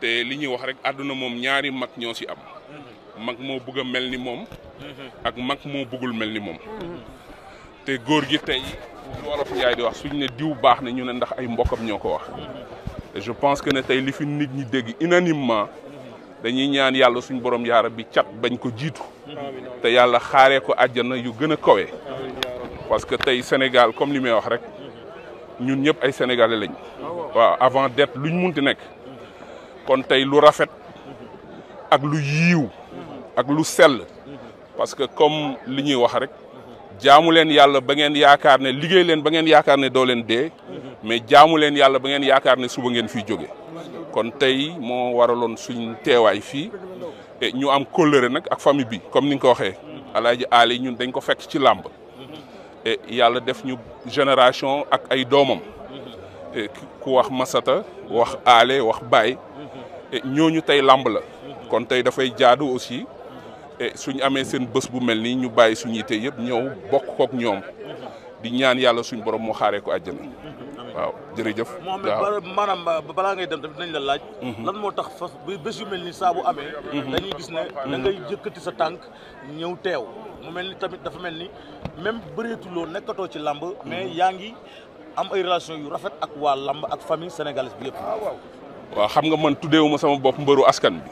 te li ñuy wax rek àdduna moom ñaari mag ñoo ci am mag moo bëgg a mel ni moom ak mag moo bëggul mel ni moom te góor gi tey wolof yaay di wax suñ ne diw baax na ñu ne ndax ay mbokkam ñoo ko wax je pense que ne tey li fi nit ñi dégg unanimement dañuy ñaan yàlla suñ borom yaara bi cat bañ ko jiitu te yàlla xaaree ko àjjana yu gën a kawe parce que tey Sénégal comme li may wax rek ñun ñëpp ay sénégalais lañ ah waaw avant d'être luñ munti nekk kon tey lu rafet ak lu yiiw ak lu sell parce que comme li ñuy wax rek jaamu leen yàlla ba ngeen yaakaar ne liggéey leen ba ngeen yaakaar ne doo leen dee mais jaamu leen yàlla ba ngeen yaakaar ne suba ngeen fiy jóge kon tey moo waraloon suñ teewaay fii et ñu am kóllëre nag ak famille bi comme ni nga ko waxee alaaji aali ñun dañ ko fekk ci làmb et yàlla def ñu génération ak ay doomam e ku wax masata wax aale wax baay Eh, ñooñu tey làmb la kon tey dafay jaadu aussi eh, suñu amee seen bés bu mel nii ñu bàyyi suñu yite yëpp ñëw bokk kook ñoom di ñaan yàlla suñu borom mu xaaree ko àjjana waaw jërëjëf. waaw moom maanaam balaa ngay dem tamit dinañ la laaj. Mhm. lan moo tax fa bés yu mel nii saabu amee. Mhm. dañuy gis ne. Mhm. da ngay jëkkati sa tànk ñëw teew. mu mel ni tamit dafa mel ni même bëreetuloo nekkatoo ci làmb mais yaa ngi am ay relation yu rafet ak waa làmb ak famille sénégalaise bi yëpp. Ah, waaw xam nga man tuddeewuma sama bopp mbëru askan bi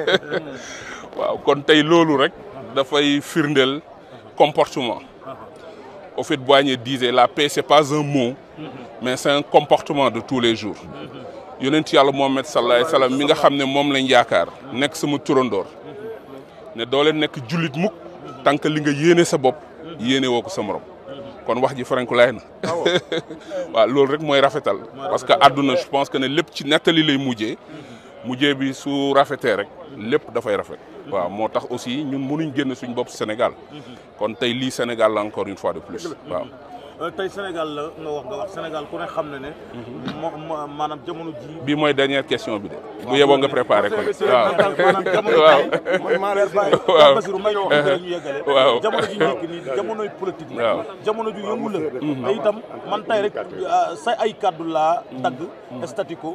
waaw kon tey loolu rek dafay firndeel comportement au fait Boigny disait la paix c'est pas un mot mais c'est un comportement de tous les jours yonent yàlla Muhammad sallallahu alayhi wa sallam mi nga xam ne moom lañ yaakaar nekk sama turandoor ne doo leen nekk jullit muk, tant que li nga yéene sa bopp yéene woo ko sa morom kon wax ji na ah wa lool rek moy rafetal parce que aduna je pense que ne lepp ci netali lay bi su rek da fay rafet waaw motax aussi ñun mënuñu suñ Sénégal mhm. kon Sénégal encore une fois de plus mhm. Euh, tey Sénégal la nga wax nga wax Sénégal ku ne xam na ne. Mhm. moo maanaam jamono ji bi mooy dernière question bi de. bu yeboo nga préparé ko waaw waaw. man maa leen bàyyi. waaw Basiru jamono ji nekk nii jamonoy politique la. waaw jamono ju yëngu la. Mhm. te itam man tey rek euh, say ay kaddu laa. dagg mhm. statico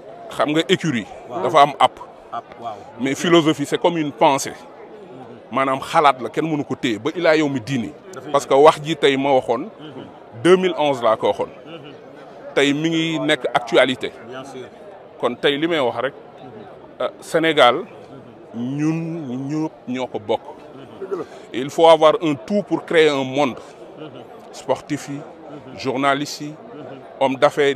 xam nga écurie dafa am app mais philosophie c'est comme une pensée manam xalaat la kenn mënu ko téye ba ila yow mi diini parce que wax ji tay ma waxone 2011 la ko waxone tay mi ngi nek actualité kon tay limay wax rek euh, Sénégal ñun ñëpp ñoo ko il faut avoir un tout pour créer un monde sportif journaliste homme d'affaires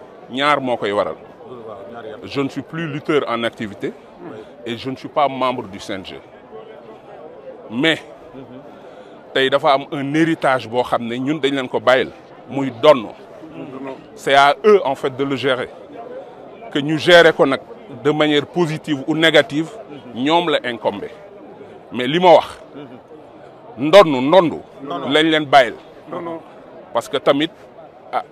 je ne suis plus lutteur en activité et je ne suis pas membre du CNG mais Il y a un héritage que nous ñun c'est à eux en fait de le gérer que nous gérions de manière positive ou négative nous la incombé mais li que wax ndonn nous lañ le bàyyil parce que tamit ah,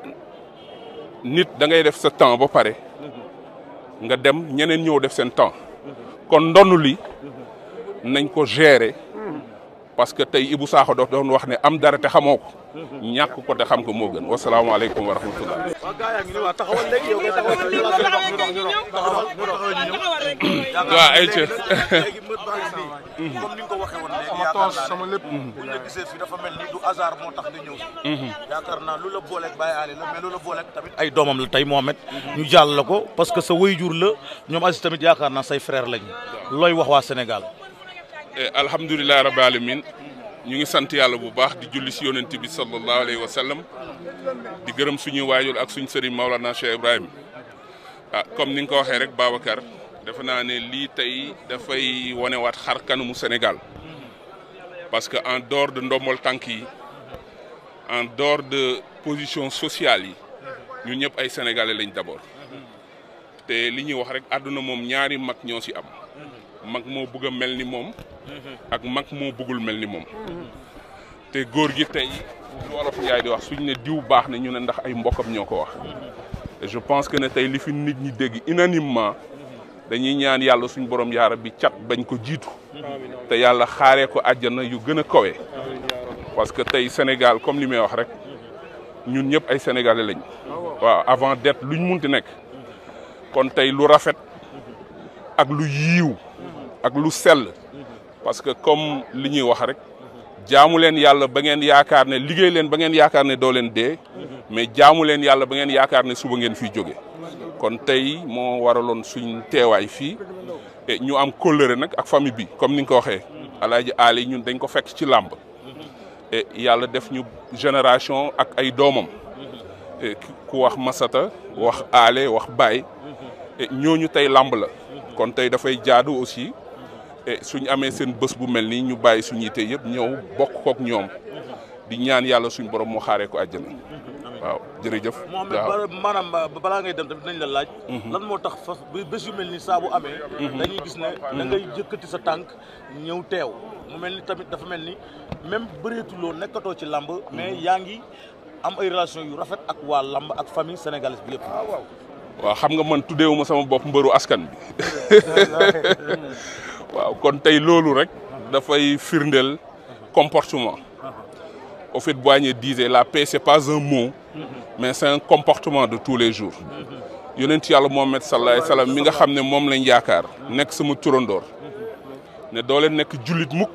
nit da ngay def sa temps ba pare nga dem ñeneen ñëw def seen temps kon ndonu li nañ ko gérer parce que tey Ibou Sakho doon wax ne am dara te xamoo ko ñàkk ko te xam ko moo gën wasalaamaaleykum wa rahmatullah waaw ay ci mhm. ñu gisee mhm. la doomam la tey Mohamed mhm. ñu jàll la ko parce que sa wayjur la ñoom Aziz tamit yaakaar naa say frère lañu looy wax waa Sénégal Eh, alhamdulilah rabbi alamin ñu ngi sant yàlla bu baax di julli si yonent bi sallallahu alayhi wa sallam di gërëm suñu waajur ak suñu sëriñ Maolana Cheikh Ibrahima ah comme ni nga ko waxee rek Babacar defe naa ne lii tey dafay wanewaat xar kanamu Sénégal parce que en dehors de ndombol tànk yi en dehors de position sociale yi ñu ñëpp ay sénégalais lañ d'abord te li ñuy wax rek àdduna moom ñaari mag ñoo si am mag moo bëgg a mel ni moom. ak mak mo bëggul melni mom té goor gi tay wolof yaay di wax suñu né diw baax né ñu ne ndax ay mbokam ñoko wax je pense que né tay li fi nit ñi dégg unanimement dañuy ñaan yalla suñu borom yaara bi ciat bañ ko jiitu té yalla xaré ko aljana yu gëna a kawe parce que tay Sénégal comme li may wax rek ñun ñëpp ay sénégalais lañ waaw avant d'être luñ munti nek kon tay lu rafet ak lu yiiw ak lu sel parce que comme li ñuy wax rek jaamu leen yàlla ba ngeen yaakaar ne liggéey leen ba ngeen yaakaar ne doo leen dee mais jaamu leen yàlla ba ngeen yaakaar ne suba ngeen fi jóge kon tey mo waralon suñ téway fi et ñu am kóllëre nak ak famille bi comme niñ ko waxé alaaji aali ñun dañ ko fekk ci lamb et yalla def ñu génération ak ay doomam ku wax masata wax aale wax et ñoñu tey lamb la kon da fay jaadu aussi Eh, su ñu amee seen bës bu mel nii ñu bàyyi suñu yite yëpp ñëw bokk kook ñoom di ñaan yàlla suñ borom mu xaaree ko àjjana. waaw jërëjëf. waaw moom balaa ngay dem tamit dinañ la laaj. Mhm. lan moo tax fas bés yu mel nii saa bu amee. Mhm. dañuy gis ne. da ngay mhm. yëkkati sa tànk ñëw teew. mu mel ni tamit dafa mel ni même bëreetuloo nekkatoo ci làmb mais yaa ngi am ay relation yu rafet ak waa làmb ak famille sénégalaise bi yëpp. Ah, waaw xam nga man tuddeewuma sama bopp mbëru askan bi waaw kon tey loolu rek dafay Firndel, comportement au fait Boigny disait la paix c'est pas un mot mais c'est un comportement de tous les jours yonent yàlla Muhammad sallallahu alayhi wa sallam mi nga xam ne moom lañ yaakaar nekk sama turandoor ne doo leen nekk jullit mukk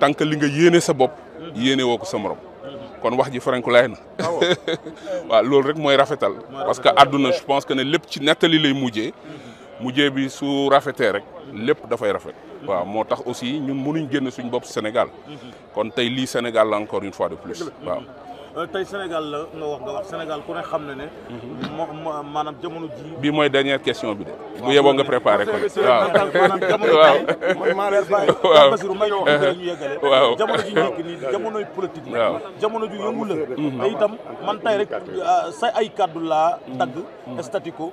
tant que li nga yéene sa bopp yéene woo ko sa morom kon wax ji faranku lay na ah waaw loolu rek mooy rafetal parce que àdduna je pense que ne lépp ci nettali lay mujjee mujjee bi su rafetee rek lépp dafay rafet waaw moo tax aussi ñun mënuñ génn suñ bopp Sénégal mhm. kon tey lii Sénégal la encore une fois de plus mhm. waaw Euh, tey Sénégal la nga wax nga wax Sénégal ko ne xam na ne. maanaam jamono ji bii mooy dernière question bi de. bu yeboo nga préparé ko de waaw waaw waaw jamono ji nekk nii jamonoy politique la. jamono ju yëngu la. Mhm. te itam man tey rek euh, say ay kàddu la dagg mhm. statico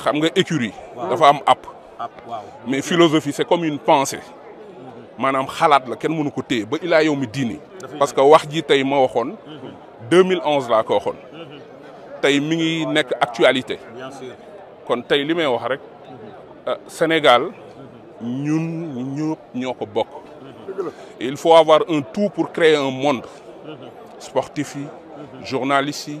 xam nga écurie dafa am app mais philosophie c'est comme une pensée manam xalaat la ken mënu ko téye ba ila yow mi dini parce que wax ji tay ma waxone 2011 la ko waxone tay mi ngi nek actualité kon tay limay wax rek euh, Sénégal ñun ñëpp ñoo ko il faut avoir un tout pour créer un monde sportif yi journaliste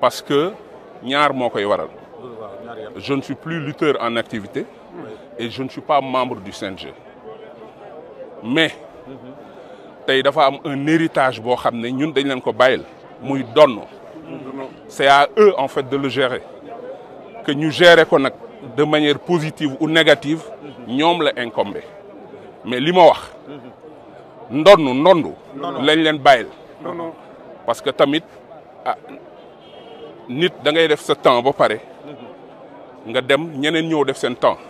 parce que je ne suis plus lutteur en activité et je ne suis pas membre du CNG mais Il y a un héritage pour nous, nous ñun dañ c'est à eux en fait de le gérer que nous gérons de manière positive ou négative nous le incombé mais ce li ma nous ndonn nous lañ le bail. parce que tamit ah, nit da ngay def sa temps ba pare nga dem ñeneen ñëw def seen temps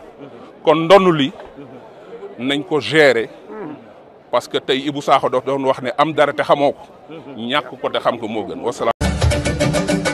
kon ndonu li nañ ko gérer parce que tey Ibou Sakho doon wax ne am dara te xamoo ko ñàkk ko te xam ko moo gën wasalaam